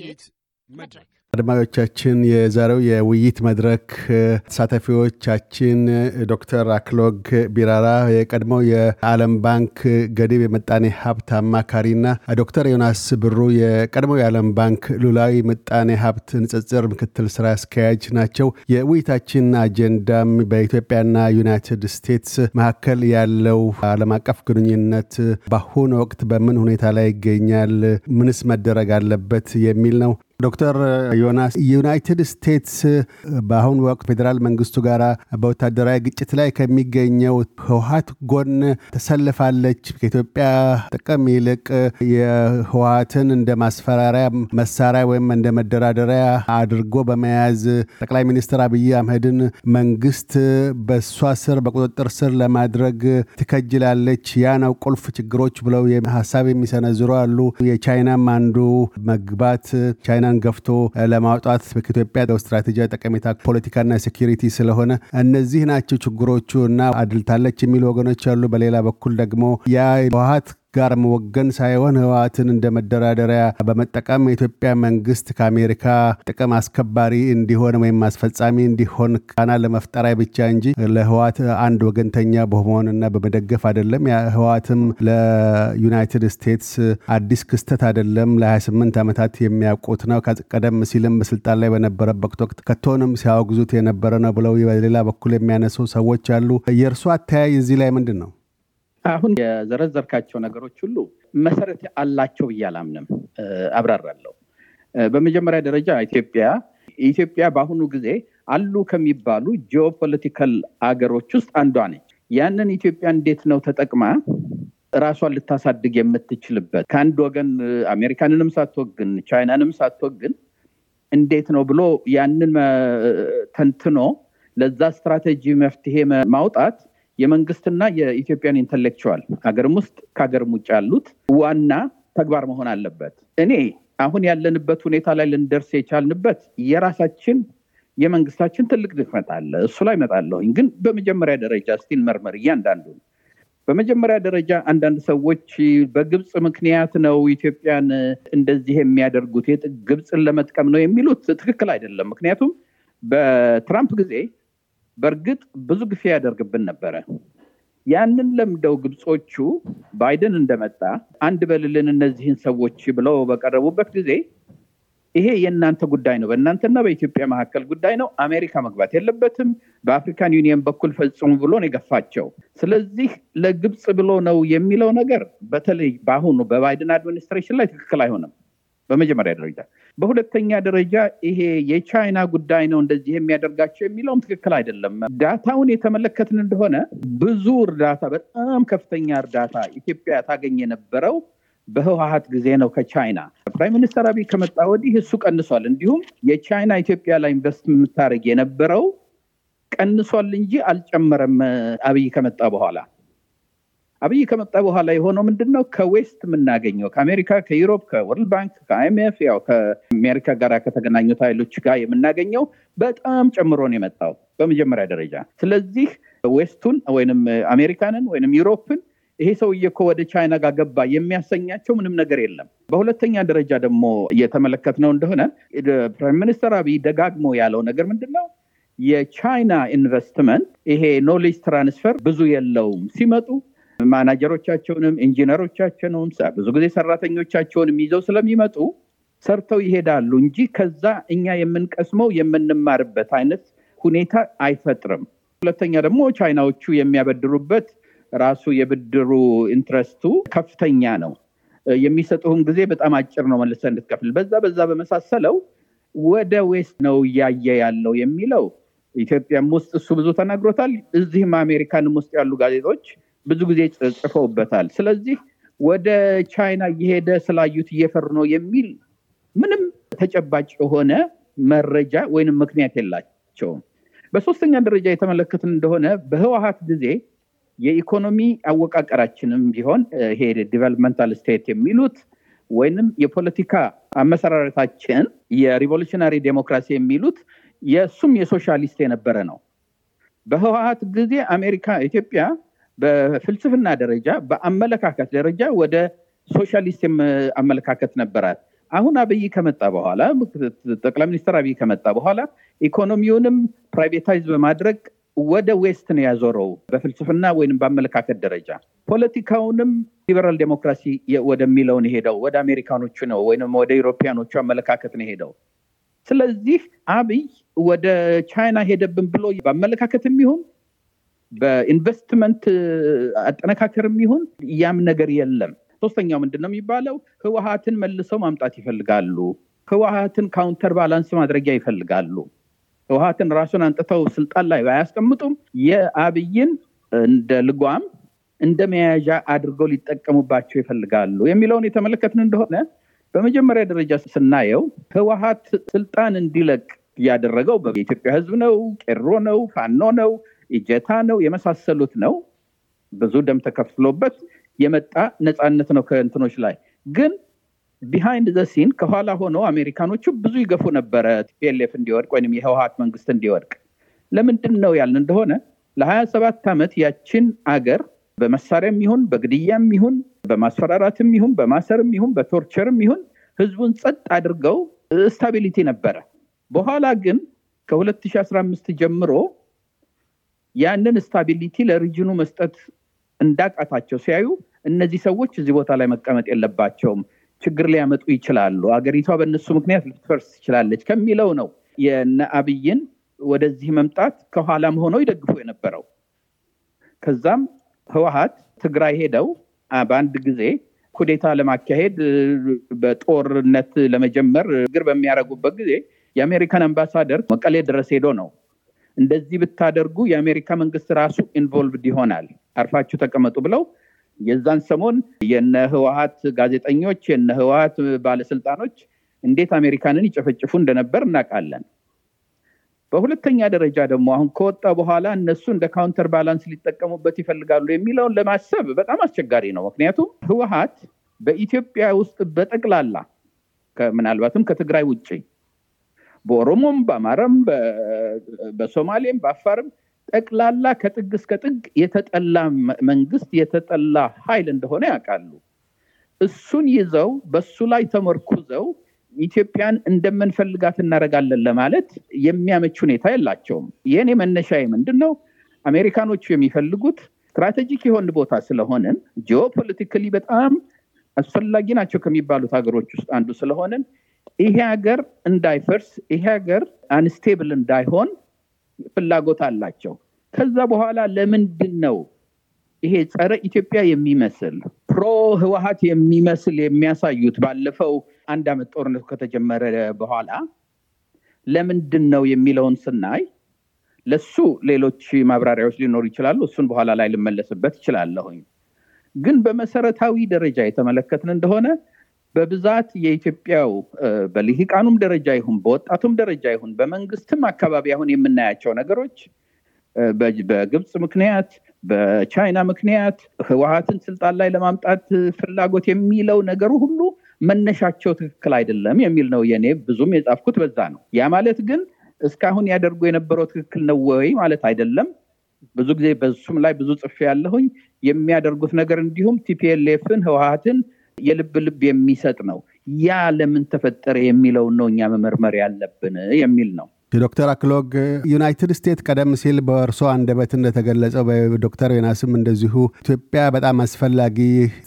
የት መድረክ አድማጮቻችን የዛሬው የውይይት መድረክ ተሳታፊዎቻችን ዶክተር አክሎግ ቢራራ የቀድሞው የዓለም ባንክ ገዲብ የመጣኔ ሀብት አማካሪና ዶክተር ዮናስ ብሩ የቀድሞው የዓለም ባንክ ሉላዊ ምጣኔ ሀብት ንጽጽር ምክትል ስራ አስኪያጅ ናቸው። የውይይታችን አጀንዳም በኢትዮጵያና ዩናይትድ ስቴትስ መካከል ያለው ዓለም አቀፍ ግንኙነት በአሁኑ ወቅት በምን ሁኔታ ላይ ይገኛል፣ ምንስ መደረግ አለበት የሚል ነው። ዶክተር ዮናስ ዩናይትድ ስቴትስ በአሁኑ ወቅት ፌዴራል መንግስቱ ጋር በወታደራዊ ግጭት ላይ ከሚገኘው ህወሀት ጎን ተሰልፋለች። ከኢትዮጵያ ጥቅም ይልቅ የህወሀትን እንደ ማስፈራሪያ መሳሪያ ወይም እንደ መደራደሪያ አድርጎ በመያዝ ጠቅላይ ሚኒስትር አብይ አህመድን መንግስት በእሷ ስር በቁጥጥር ስር ለማድረግ ትከጅላለች። ያ ነው ቁልፍ ችግሮች ብለው ሀሳብ የሚሰነዝሩ አሉ። የቻይናም አንዱ መግባት ቻይና ቻይናን ገፍቶ ለማውጣት ከኢትዮጵያ ስትራቴጂያዊ ጠቀሜታ ፖለቲካና ሴኪሪቲ ስለሆነ እነዚህ ናቸው ችግሮቹ እና አድልታለች የሚሉ ወገኖች አሉ። በሌላ በኩል ደግሞ ያ ህወሓት ጋር መወገን ሳይሆን ህወሓትን እንደ መደራደሪያ በመጠቀም የኢትዮጵያ መንግስት ከአሜሪካ ጥቅም አስከባሪ እንዲሆን ወይም አስፈጻሚ እንዲሆን ካና ለመፍጠራይ ብቻ እንጂ ለህወሓት አንድ ወገንተኛ በመሆንና በመደገፍ አይደለም። ህወሓትም ለዩናይትድ ስቴትስ አዲስ ክስተት አይደለም። ለ28 ዓመታት የሚያውቁት ነው። ቀደም ሲልም በስልጣን ላይ በነበረበት ወቅት ከቶንም ሲያወግዙት የነበረ ነው ብለው በሌላ በኩል የሚያነሱ ሰዎች አሉ። የእርሱ አተያይ እዚህ ላይ ምንድን ነው? አሁን የዘረዘርካቸው ነገሮች ሁሉ መሰረት አላቸው ብዬ አላምንም። አብራራለሁ። በመጀመሪያ ደረጃ ኢትዮጵያ ኢትዮጵያ በአሁኑ ጊዜ አሉ ከሚባሉ ጂኦፖለቲካል አገሮች ውስጥ አንዷ ነች። ያንን ኢትዮጵያ እንዴት ነው ተጠቅማ ራሷን ልታሳድግ የምትችልበት ከአንድ ወገን አሜሪካንንም ሳትወግን ቻይናንም ሳትወግን እንዴት ነው ብሎ ያንን ተንትኖ ለዛ ስትራቴጂ መፍትሄ ማውጣት የመንግስትና የኢትዮጵያን ኢንተሌክቹዋል ሀገርም ውስጥ ከሀገርም ውጭ ያሉት ዋና ተግባር መሆን አለበት። እኔ አሁን ያለንበት ሁኔታ ላይ ልንደርስ የቻልንበት የራሳችን የመንግስታችን ትልቅ ድክመት አለ። እሱ ላይ እመጣለሁኝ። ግን በመጀመሪያ ደረጃ እስቲ መርመር እያንዳንዱ። በመጀመሪያ ደረጃ አንዳንድ ሰዎች በግብፅ ምክንያት ነው ኢትዮጵያን እንደዚህ የሚያደርጉት ግብፅን ለመጥቀም ነው የሚሉት ትክክል አይደለም። ምክንያቱም በትራምፕ ጊዜ በእርግጥ ብዙ ግፊያ ያደርግብን ነበረ። ያንን ለምደው ግብጾቹ ባይደን እንደመጣ አንድ በልልን እነዚህን ሰዎች ብለው በቀረቡበት ጊዜ ይሄ የእናንተ ጉዳይ ነው፣ በእናንተና በኢትዮጵያ መካከል ጉዳይ ነው፣ አሜሪካ መግባት የለበትም በአፍሪካን ዩኒየን በኩል ፈጽሙ ብሎ ነው የገፋቸው። ስለዚህ ለግብፅ ብሎ ነው የሚለው ነገር በተለይ በአሁኑ በባይደን አድሚኒስትሬሽን ላይ ትክክል አይሆንም በመጀመሪያ ደረጃ በሁለተኛ ደረጃ ይሄ የቻይና ጉዳይ ነው እንደዚህ የሚያደርጋቸው የሚለውም ትክክል አይደለም። ዳታውን የተመለከትን እንደሆነ ብዙ እርዳታ፣ በጣም ከፍተኛ እርዳታ ኢትዮጵያ ታገኝ የነበረው በህወሀት ጊዜ ነው ከቻይና። ፕራይም ሚኒስተር አብይ ከመጣ ወዲህ እሱ ቀንሷል። እንዲሁም የቻይና ኢትዮጵያ ላይ ኢንቨስት የምታደርግ የነበረው ቀንሷል እንጂ አልጨመረም አብይ ከመጣ በኋላ አብይ ከመጣ በኋላ የሆነው ምንድን ነው? ከዌስት የምናገኘው ከአሜሪካ፣ ከዩሮፕ፣ ከወርልድ ባንክ፣ ከአይምኤፍ ያው ከአሜሪካ ጋር ከተገናኙት ኃይሎች ጋር የምናገኘው በጣም ጨምሮን የመጣው በመጀመሪያ ደረጃ። ስለዚህ ዌስቱን ወይንም አሜሪካንን ወይንም ዩሮፕን ይሄ ሰውዬ እኮ ወደ ቻይና ጋር ገባ የሚያሰኛቸው ምንም ነገር የለም። በሁለተኛ ደረጃ ደግሞ እየተመለከትነው እንደሆነ ፕራይም ሚኒስተር አብይ ደጋግሞ ያለው ነገር ምንድን ነው? የቻይና ኢንቨስትመንት ይሄ ኖሌጅ ትራንስፈር ብዙ የለውም ሲመጡ ማናጀሮቻቸውንም ኢንጂነሮቻቸውንም ብዙ ጊዜ ሰራተኞቻቸውንም ይዘው ስለሚመጡ ሰርተው ይሄዳሉ እንጂ ከዛ እኛ የምንቀስመው የምንማርበት አይነት ሁኔታ አይፈጥርም። ሁለተኛ ደግሞ ቻይናዎቹ የሚያበድሩበት ራሱ የብድሩ ኢንትረስቱ ከፍተኛ ነው። የሚሰጡህም ጊዜ በጣም አጭር ነው መልሰ እንድትከፍል። በዛ በዛ በመሳሰለው ወደ ዌስት ነው እያየ ያለው የሚለው ኢትዮጵያም ውስጥ እሱ ብዙ ተናግሮታል። እዚህም አሜሪካንም ውስጥ ያሉ ጋዜጦች ብዙ ጊዜ ጽፈውበታል። ስለዚህ ወደ ቻይና እየሄደ ስላዩት እየፈሩ ነው የሚል ምንም ተጨባጭ የሆነ መረጃ ወይንም ምክንያት የላቸውም። በሶስተኛ ደረጃ የተመለከትን እንደሆነ በህወሀት ጊዜ የኢኮኖሚ አወቃቀራችንም ቢሆን ይሄ ዲቨሎፕመንታል ስቴት የሚሉት ወይንም የፖለቲካ አመሰራረታችን የሪቮሉሽናሪ ዴሞክራሲ የሚሉት የእሱም የሶሻሊስት የነበረ ነው። በህወሀት ጊዜ አሜሪካ ኢትዮጵያ በፍልስፍና ደረጃ በአመለካከት ደረጃ ወደ ሶሻሊስት አመለካከት ነበራት። አሁን አብይ ከመጣ በኋላ ጠቅላይ ሚኒስትር አብይ ከመጣ በኋላ ኢኮኖሚውንም ፕራይቬታይዝ በማድረግ ወደ ዌስት ነው ያዞረው በፍልስፍና ወይም በአመለካከት ደረጃ። ፖለቲካውንም ሊበራል ዴሞክራሲ ወደሚለው ነው ሄደው ወደ አሜሪካኖቹ ነው ወይም ወደ ኢሮፓያኖቹ አመለካከት ነው ሄደው። ስለዚህ አብይ ወደ ቻይና ሄደብን ብሎ በአመለካከት የሚሆን በኢንቨስትመንት አጠነካከርም ይሁን ያም ነገር የለም። ሶስተኛው ምንድን ነው የሚባለው? ህወሀትን መልሰው ማምጣት ይፈልጋሉ። ህወሀትን ካውንተር ባላንስ ማድረጊያ ይፈልጋሉ። ህወሀትን ራሱን አንጥተው ስልጣን ላይ አያስቀምጡም። የአብይን እንደ ልጓም እንደ መያዣ አድርገው ሊጠቀሙባቸው ይፈልጋሉ የሚለውን የተመለከትን እንደሆነ በመጀመሪያ ደረጃ ስናየው ህወሀት ስልጣን እንዲለቅ ያደረገው የኢትዮጵያ ህዝብ ነው፣ ቄሮ ነው፣ ፋኖ ነው፣ እጀታ ነው የመሳሰሉት ነው ብዙ ደም ተከፍሎበት የመጣ ነፃነት ነው ከእንትኖች ላይ ግን ቢሃይንድ ዘ ሲን ከኋላ ሆኖ አሜሪካኖቹ ብዙ ይገፉ ነበረ ፒልፍ እንዲወድቅ ወይም የህወሀት መንግስት እንዲወድቅ ለምንድን ነው ያልን እንደሆነ ለሀያ ሰባት ዓመት ያችን አገር በመሳሪያም ይሁን በግድያም ይሁን በማስፈራራትም ይሁን በማሰርም ይሁን በቶርቸርም ይሁን ህዝቡን ጸጥ አድርገው ስታቢሊቲ ነበረ በኋላ ግን ከ2015 ጀምሮ ያንን ስታቢሊቲ ለሪጅኑ መስጠት እንዳቃታቸው ሲያዩ እነዚህ ሰዎች እዚህ ቦታ ላይ መቀመጥ የለባቸውም፣ ችግር ሊያመጡ ይችላሉ፣ አገሪቷ በእነሱ ምክንያት ልትፈርስ ትችላለች ከሚለው ነው የነ አብይን ወደዚህ መምጣት ከኋላም ሆነው ይደግፉ የነበረው። ከዛም ህወሀት ትግራይ ሄደው በአንድ ጊዜ ኩዴታ ለማካሄድ በጦርነት ለመጀመር ግር በሚያደርጉበት ጊዜ የአሜሪካን አምባሳደር መቀሌ ድረስ ሄዶ ነው እንደዚህ ብታደርጉ የአሜሪካ መንግስት ራሱ ኢንቮልቭድ ይሆናል፣ አርፋችሁ ተቀመጡ ብለው የዛን ሰሞን የነ ህወሀት ጋዜጠኞች የነ ህወሀት ባለስልጣኖች እንዴት አሜሪካንን ይጨፈጭፉ እንደነበር እናውቃለን። በሁለተኛ ደረጃ ደግሞ አሁን ከወጣ በኋላ እነሱ እንደ ካውንተር ባላንስ ሊጠቀሙበት ይፈልጋሉ የሚለውን ለማሰብ በጣም አስቸጋሪ ነው። ምክንያቱም ህወሀት በኢትዮጵያ ውስጥ በጠቅላላ ምናልባትም ከትግራይ ውጭ በኦሮሞም በአማራም በሶማሌም በአፋርም ጠቅላላ ከጥግ እስከ ጥግ የተጠላ መንግስት የተጠላ ኃይል እንደሆነ ያውቃሉ። እሱን ይዘው በሱ ላይ ተመርኩዘው ኢትዮጵያን እንደምንፈልጋት እናደረጋለን ለማለት የሚያመች ሁኔታ የላቸውም። የኔ መነሻዬ ምንድን ነው? አሜሪካኖቹ የሚፈልጉት ስትራቴጂክ የሆን ቦታ ስለሆንን ጂኦፖለቲካሊ በጣም አስፈላጊ ናቸው ከሚባሉት ሀገሮች ውስጥ አንዱ ስለሆንን ይሄ ሀገር እንዳይፈርስ ይሄ ሀገር አንስቴብል እንዳይሆን ፍላጎት አላቸው። ከዛ በኋላ ለምንድን ነው ይሄ ጸረ ኢትዮጵያ የሚመስል ፕሮ ህወሀት የሚመስል የሚያሳዩት ባለፈው አንድ አመት ጦርነቱ ከተጀመረ በኋላ ለምንድን ነው የሚለውን ስናይ ለሱ ሌሎች ማብራሪያዎች ሊኖሩ ይችላሉ። እሱን በኋላ ላይ ልመለስበት ይችላለሁኝ። ግን በመሰረታዊ ደረጃ የተመለከትን እንደሆነ በብዛት የኢትዮጵያው በልሂቃኑም ደረጃ ይሁን በወጣቱም ደረጃ ይሁን በመንግስትም አካባቢ አሁን የምናያቸው ነገሮች በግብፅ ምክንያት በቻይና ምክንያት ህወሀትን ስልጣን ላይ ለማምጣት ፍላጎት የሚለው ነገሩ ሁሉ መነሻቸው ትክክል አይደለም የሚል ነው የኔ ብዙም የጻፍኩት በዛ ነው ያ ማለት ግን እስካሁን ያደርጉ የነበረው ትክክል ነው ወይ ማለት አይደለም ብዙ ጊዜ በሱም ላይ ብዙ ጽፌ ያለሁኝ የሚያደርጉት ነገር እንዲሁም ቲፒኤልኤፍን ህወሀትን የልብ ልብ የሚሰጥ ነው። ያ ለምን ተፈጠረ የሚለውን ነው እኛ መመርመር ያለብን የሚል ነው። የዶክተር አክሎግ ዩናይትድ ስቴትስ ቀደም ሲል በእርሶ አንደበት እንደተገለጸው በዶክተር ዮናስም እንደዚሁ ኢትዮጵያ በጣም አስፈላጊ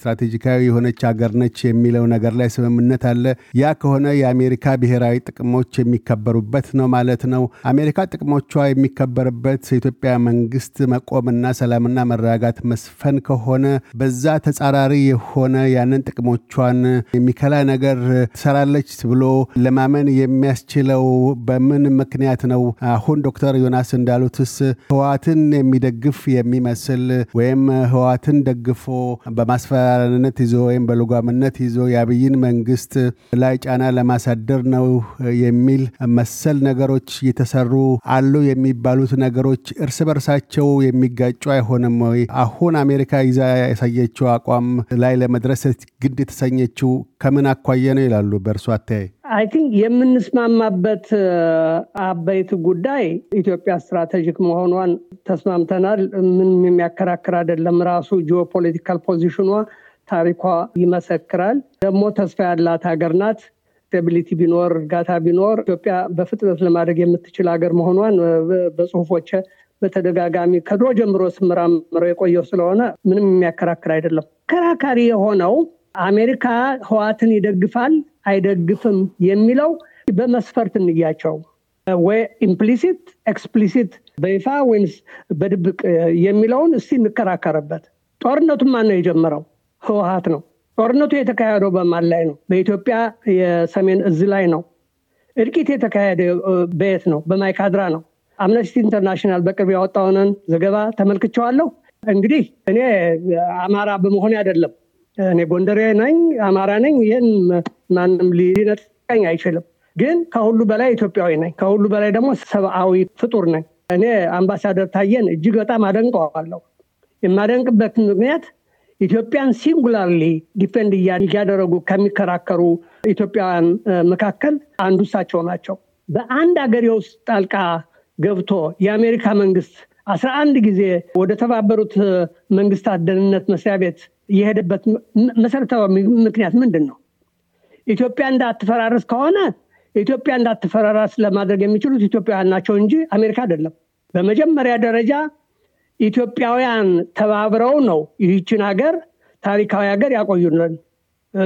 ስትራቴጂካዊ የሆነች ሀገር ነች የሚለው ነገር ላይ ስምምነት አለ። ያ ከሆነ የአሜሪካ ብሔራዊ ጥቅሞች የሚከበሩበት ነው ማለት ነው። አሜሪካ ጥቅሞቿ የሚከበርበት የኢትዮጵያ መንግስት መቆምና ሰላምና መረጋጋት መስፈን ከሆነ በዛ ተጻራሪ የሆነ ያንን ጥቅሞቿን የሚከላ ነገር ትሰራለች ብሎ ለማመን የሚያስችለው በምን ምክ ምክንያት ነው? አሁን ዶክተር ዮናስ እንዳሉትስ ህወሓትን የሚደግፍ የሚመስል ወይም ህወሓትን ደግፎ በማስፈራሪነት ይዞ ወይም በልጓምነት ይዞ የአብይን መንግስት ላይ ጫና ለማሳደር ነው የሚል መሰል ነገሮች እየተሰሩ አሉ የሚባሉት ነገሮች እርስ በርሳቸው የሚጋጩ አይሆንም ወይ? አሁን አሜሪካ ይዛ ያሳየችው አቋም ላይ ለመድረስ ግድ የተሰኘችው ከምን አኳየ ነው ይላሉ በእርሷ አተያይ? አይ ቲንክ የምንስማማበት አበይት ጉዳይ ኢትዮጵያ ስትራቴጂክ መሆኗን ተስማምተናል። ምንም የሚያከራክር አይደለም። ራሱ ጂኦፖለቲካል ፖዚሽኗ ታሪኳ ይመሰክራል። ደግሞ ተስፋ ያላት ሀገር ናት። ስቴቢሊቲ ቢኖር እርጋታ ቢኖር ኢትዮጵያ በፍጥነት ለማድረግ የምትችል ሀገር መሆኗን በጽሁፎች በተደጋጋሚ ከድሮ ጀምሮ ስምራምረው የቆየው ስለሆነ ምንም የሚያከራክር አይደለም። ከራካሪ የሆነው አሜሪካ ህዋትን ይደግፋል አይደግፍም የሚለው በመስፈርት እንያቸው ወይ ኢምፕሊሲት ኤክስፕሊሲት በይፋ ወይምስ በድብቅ የሚለውን እስቲ እንከራከርበት ጦርነቱን ማን ነው የጀመረው ህወሀት ነው ጦርነቱ የተካሄደው በማን ላይ ነው በኢትዮጵያ የሰሜን እዝ ላይ ነው እድቂት የተካሄደ በየት ነው በማይካድራ ነው አምነስቲ ኢንተርናሽናል በቅርብ ያወጣውንን ዘገባ ተመልክቸዋለሁ እንግዲህ እኔ አማራ በመሆን አይደለም እኔ ጎንደሬ ነኝ፣ አማራ ነኝ። ይህን ማንም ሊነጥቀኝ አይችልም። ግን ከሁሉ በላይ ኢትዮጵያዊ ነኝ። ከሁሉ በላይ ደግሞ ሰብአዊ ፍጡር ነኝ። እኔ አምባሳደር ታየን እጅግ በጣም አደንቀዋለሁ። የማደንቅበት ምክንያት ኢትዮጵያን ሲንጉላርሊ ዲፌንድ እያደረጉ ከሚከራከሩ ኢትዮጵያውያን መካከል አንዱ እሳቸው ናቸው። በአንድ አገር የውስጥ ጣልቃ ገብቶ የአሜሪካ መንግስት አስራ አንድ ጊዜ ወደ ተባበሩት መንግስታት ደህንነት መስሪያ ቤት የሄደበት መሰረታዊ ምክንያት ምንድን ነው? ኢትዮጵያ እንዳትፈራረስ ከሆነ ኢትዮጵያ እንዳትፈራረስ ለማድረግ የሚችሉት ኢትዮጵያውያን ናቸው እንጂ አሜሪካ አይደለም። በመጀመሪያ ደረጃ ኢትዮጵያውያን ተባብረው ነው ይህችን ሀገር ታሪካዊ ሀገር ያቆዩልን።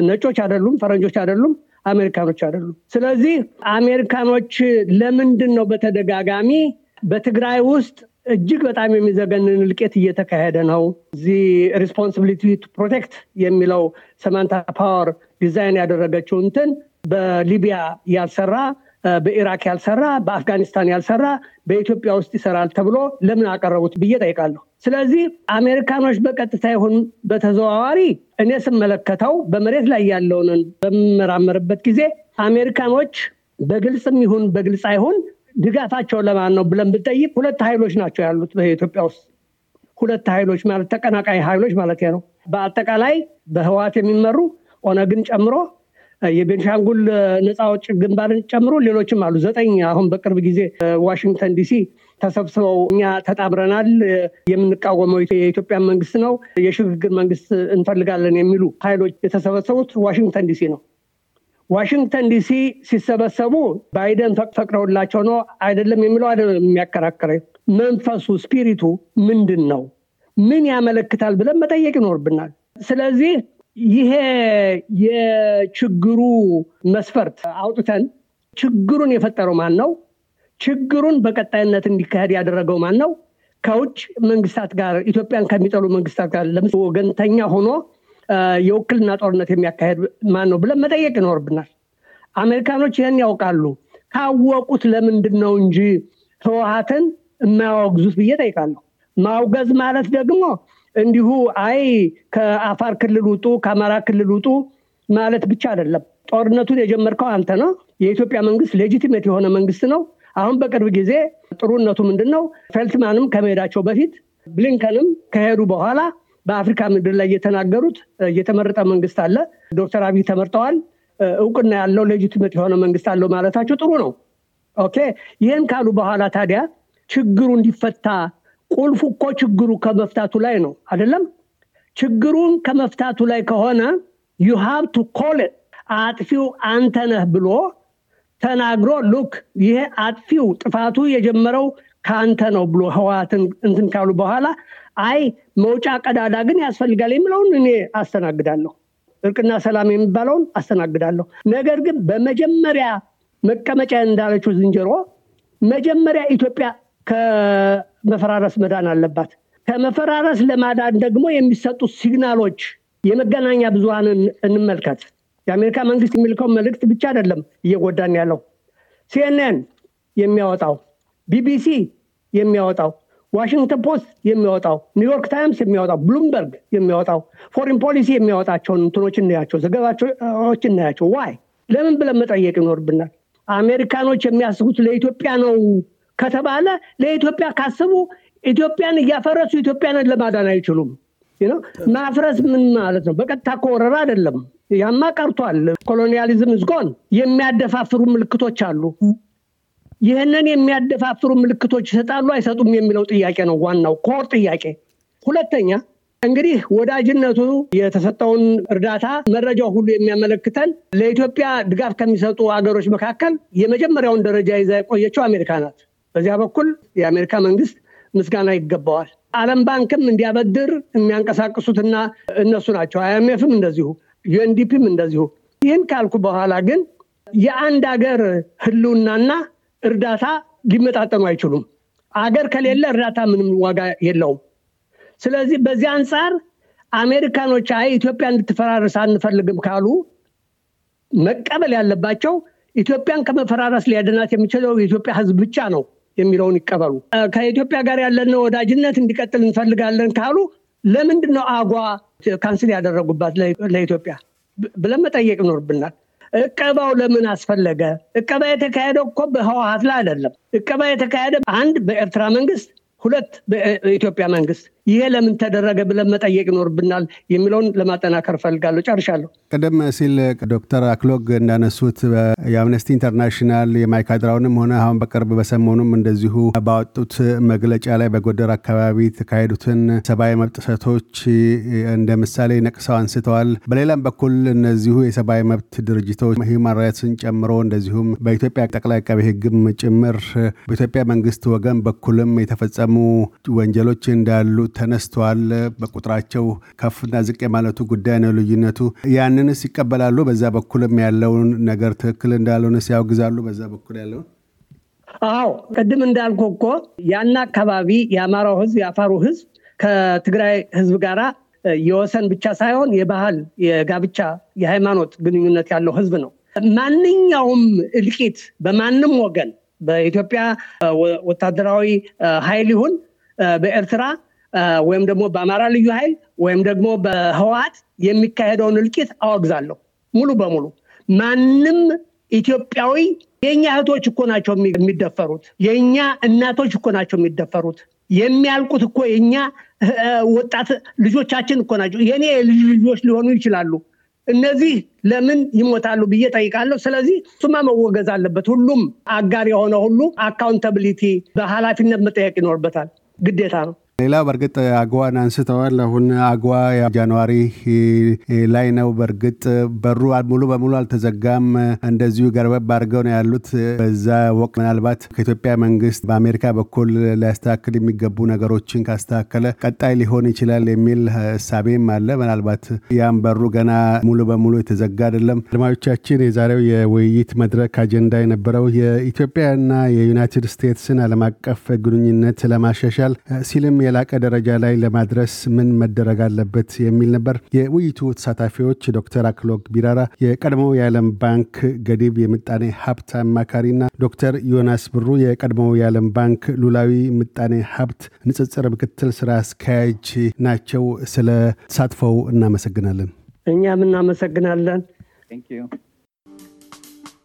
ነጮች አይደሉም፣ ፈረንጆች አይደሉም፣ አሜሪካኖች አይደሉም። ስለዚህ አሜሪካኖች ለምንድን ነው በተደጋጋሚ በትግራይ ውስጥ እጅግ በጣም የሚዘገንን እልቂት እየተካሄደ ነው። እዚህ ሪስፖንሲቢሊቲ ቱ ፕሮቴክት የሚለው ሰማንታ ፓወር ዲዛይን ያደረገችው እንትን በሊቢያ ያልሰራ በኢራቅ ያልሰራ በአፍጋኒስታን ያልሰራ በኢትዮጵያ ውስጥ ይሰራል ተብሎ ለምን አቀረቡት ብዬ ጠይቃለሁ። ስለዚህ አሜሪካኖች በቀጥታ ይሁን በተዘዋዋሪ እኔ ስመለከተው በመሬት ላይ ያለውን በምመራመርበት ጊዜ አሜሪካኖች በግልጽም ይሁን በግልጽ አይሁን ድጋፋቸው ለማን ነው ብለን ብጠይቅ ሁለት ኃይሎች ናቸው ያሉት በኢትዮጵያ ውስጥ ሁለት ሀይሎች ማለት ተቀናቃይ ኃይሎች ማለት ነው በአጠቃላይ በህወሓት የሚመሩ ኦነግን ጨምሮ የቤንሻንጉል ነፃ ውጭ ግንባርን ጨምሮ ሌሎችም አሉ ዘጠኝ አሁን በቅርብ ጊዜ ዋሽንግተን ዲሲ ተሰብስበው እኛ ተጣምረናል የምንቃወመው የኢትዮጵያ መንግስት ነው የሽግግር መንግስት እንፈልጋለን የሚሉ ኃይሎች የተሰበሰቡት ዋሽንግተን ዲሲ ነው ዋሽንግተን ዲሲ ሲሰበሰቡ ባይደን ፈቅደውላቸው ነው አይደለም የሚለው አይደለም የሚያከራከረ መንፈሱ ስፒሪቱ ምንድን ነው ምን ያመለክታል ብለን መጠየቅ ይኖርብናል ስለዚህ ይሄ የችግሩ መስፈርት አውጥተን ችግሩን የፈጠረው ማን ነው ችግሩን በቀጣይነት እንዲካሄድ ያደረገው ማን ነው ከውጭ መንግስታት ጋር ኢትዮጵያን ከሚጠሉ መንግስታት ጋር ለምስ ወገንተኛ ሆኖ የውክልና ጦርነት የሚያካሄድ ማን ነው ብለን መጠየቅ ይኖርብናል። አሜሪካኖች ይህን ያውቃሉ። ካወቁት ለምንድን ነው እንጂ ህወሀትን የማያወግዙት ብዬ ጠይቃለሁ። ማውገዝ ማለት ደግሞ እንዲሁ አይ ከአፋር ክልል ውጡ፣ ከአማራ ክልል ውጡ ማለት ብቻ አይደለም። ጦርነቱን የጀመርከው አንተ ነው። የኢትዮጵያ መንግስት ሌጂቲሜት የሆነ መንግስት ነው። አሁን በቅርብ ጊዜ ጥሩነቱ ምንድን ነው? ፌልትማንም ከመሄዳቸው በፊት ብሊንከንም ከሄዱ በኋላ በአፍሪካ ምድር ላይ የተናገሩት የተመረጠ መንግስት አለ፣ ዶክተር አብይ ተመርጠዋል፣ እውቅና ያለው ሌጂቲሜት የሆነ መንግስት አለው ማለታቸው ጥሩ ነው። ኦኬ ይህን ካሉ በኋላ ታዲያ ችግሩ እንዲፈታ ቁልፉ እኮ ችግሩ ከመፍታቱ ላይ ነው አይደለም? ችግሩን ከመፍታቱ ላይ ከሆነ ዩ ሃቭ ቱ ኮል አጥፊው አንተነህ ብሎ ተናግሮ ሉክ ይሄ አጥፊው ጥፋቱ የጀመረው ከአንተ ነው ብሎ ህዋትን እንትን ካሉ በኋላ አይ መውጫ ቀዳዳ ግን ያስፈልጋል የሚለውን እኔ አስተናግዳለሁ። እርቅና ሰላም የሚባለውን አስተናግዳለሁ። ነገር ግን በመጀመሪያ መቀመጫ እንዳለችው ዝንጀሮ መጀመሪያ ኢትዮጵያ ከመፈራረስ መዳን አለባት። ከመፈራረስ ለማዳን ደግሞ የሚሰጡት ሲግናሎች የመገናኛ ብዙሃንን እንመልከት። የአሜሪካ መንግስት የሚልከው መልእክት ብቻ አይደለም እየጎዳን ያለው። ሲኤንኤን የሚያወጣው፣ ቢቢሲ የሚያወጣው ዋሽንግተን ፖስት የሚያወጣው ኒውዮርክ ታይምስ የሚያወጣው ብሉምበርግ የሚያወጣው ፎሪን ፖሊሲ የሚያወጣቸውን እንትኖች እናያቸው ዘገባዎች እናያቸው ዋይ ለምን ብለን መጠየቅ ይኖርብናል አሜሪካኖች የሚያስቡት ለኢትዮጵያ ነው ከተባለ ለኢትዮጵያ ካስቡ ኢትዮጵያን እያፈረሱ ኢትዮጵያንን ለማዳን አይችሉም ማፍረስ ምን ማለት ነው በቀጥታ ከወረራ አይደለም ያማ ቀርቷል ኮሎኒያሊዝም ዝጎን የሚያደፋፍሩ ምልክቶች አሉ ይህንን የሚያደፋፍሩ ምልክቶች ይሰጣሉ አይሰጡም የሚለው ጥያቄ ነው ዋናው ኮር ጥያቄ። ሁለተኛ እንግዲህ ወዳጅነቱ የተሰጠውን እርዳታ መረጃው ሁሉ የሚያመለክተን ለኢትዮጵያ ድጋፍ ከሚሰጡ አገሮች መካከል የመጀመሪያውን ደረጃ ይዛ የቆየችው አሜሪካ ናት። በዚያ በኩል የአሜሪካ መንግስት ምስጋና ይገባዋል። አለም ባንክም እንዲያበድር የሚያንቀሳቅሱትና እነሱ ናቸው። አይኤምኤፍም እንደዚሁ፣ ዩኤንዲፒም እንደዚሁ። ይህን ካልኩ በኋላ ግን የአንድ ሀገር ህልውናና እርዳታ ሊመጣጠኑ አይችሉም። አገር ከሌለ እርዳታ ምንም ዋጋ የለውም። ስለዚህ በዚህ አንጻር አሜሪካኖች አይ ኢትዮጵያ እንድትፈራረስ አንፈልግም ካሉ መቀበል ያለባቸው ኢትዮጵያን ከመፈራረስ ሊያድናት የሚችለው የኢትዮጵያ ህዝብ ብቻ ነው የሚለውን ይቀበሉ። ከኢትዮጵያ ጋር ያለን ወዳጅነት እንዲቀጥል እንፈልጋለን ካሉ ለምንድን ነው አጓ ካንስል ያደረጉባት ለኢትዮጵያ ብለን መጠየቅ ይኖርብናል። እቀባው ለምን አስፈለገ? እቀባ የተካሄደው እኮ በህወሀት ላይ አይደለም። እቀባ የተካሄደ አንድ በኤርትራ መንግስት፣ ሁለት በኢትዮጵያ መንግስት ይሄ ለምን ተደረገ ብለን መጠየቅ ይኖርብናል የሚለውን ለማጠናከር ፈልጋለሁ። ጨርሻለሁ። ቀደም ሲል ዶክተር አክሎግ እንዳነሱት የአምነስቲ ኢንተርናሽናል የማይካድራውንም ሆነ አሁን በቅርብ በሰሞኑም እንደዚሁ ባወጡት መግለጫ ላይ በጎደር አካባቢ የተካሄዱትን ሰብአዊ መብት ጥሰቶች እንደ ምሳሌ ነቅሰው አንስተዋል። በሌላም በኩል እነዚሁ የሰብአዊ መብት ድርጅቶች ሂውማን ራይትስን ጨምሮ እንደዚሁም በኢትዮጵያ ጠቅላይ አቃቤ ሕግም ጭምር በኢትዮጵያ መንግስት ወገን በኩልም የተፈጸሙ ወንጀሎች እንዳሉ ተነስተዋል። በቁጥራቸው ከፍና ዝቅ የማለቱ ጉዳይ ነው ልዩነቱ። ያንንስ ይቀበላሉ? በዛ በኩልም ያለውን ነገር ትክክል እንዳልሆነስ ያውግዛሉ? በዛ በኩል ያለውን አዎ፣ ቅድም እንዳልኩ እኮ ያን አካባቢ የአማራው ህዝብ፣ የአፋሩ ህዝብ ከትግራይ ህዝብ ጋራ የወሰን ብቻ ሳይሆን የባህል፣ የጋብቻ፣ የሃይማኖት ግንኙነት ያለው ህዝብ ነው። ማንኛውም እልቂት በማንም ወገን በኢትዮጵያ ወታደራዊ ኃይል ይሁን በኤርትራ ወይም ደግሞ በአማራ ልዩ ኃይል ወይም ደግሞ በህወት የሚካሄደውን እልቂት አወግዛለሁ ሙሉ በሙሉ ማንም ኢትዮጵያዊ የእኛ እህቶች እኮ ናቸው የሚደፈሩት የእኛ እናቶች እኮ ናቸው የሚደፈሩት የሚያልቁት እኮ የእኛ ወጣት ልጆቻችን እኮ ናቸው የእኔ ልጅ ልጆች ሊሆኑ ይችላሉ እነዚህ ለምን ይሞታሉ ብዬ ጠይቃለሁ ስለዚህ እሱማ መወገዝ አለበት ሁሉም አጋር የሆነ ሁሉ አካውንታብሊቲ በሀላፊነት መጠየቅ ይኖርበታል ግዴታ ነው ሌላ በእርግጥ አግዋን አንስተዋል። አሁን አግዋ ጃንዋሪ ላይ ነው። በእርግጥ በሩ ሙሉ በሙሉ አልተዘጋም። እንደዚሁ ገርበብ አድርገው ነው ያሉት። በዛ ወቅት ምናልባት ከኢትዮጵያ መንግስት በአሜሪካ በኩል ሊያስተካክል የሚገቡ ነገሮችን ካስተካከለ ቀጣይ ሊሆን ይችላል የሚል እሳቤም አለ። ምናልባት ያም በሩ ገና ሙሉ በሙሉ የተዘጋ አይደለም። አድማጮቻችን፣ የዛሬው የውይይት መድረክ አጀንዳ የነበረው የኢትዮጵያና የዩናይትድ ስቴትስን ዓለም አቀፍ ግንኙነት ለማሻሻል ሲልም የላቀ ደረጃ ላይ ለማድረስ ምን መደረግ አለበት የሚል ነበር። የውይይቱ ተሳታፊዎች ዶክተር አክሎግ ቢራራ የቀድሞው የዓለም ባንክ ገዲብ የምጣኔ ሀብት አማካሪና ዶክተር ዮናስ ብሩ የቀድሞው የዓለም ባንክ ሉላዊ ምጣኔ ሀብት ንጽጽር ምክትል ስራ አስኪያጅ ናቸው። ስለ ተሳትፈው እናመሰግናለን። እኛም እናመሰግናለን።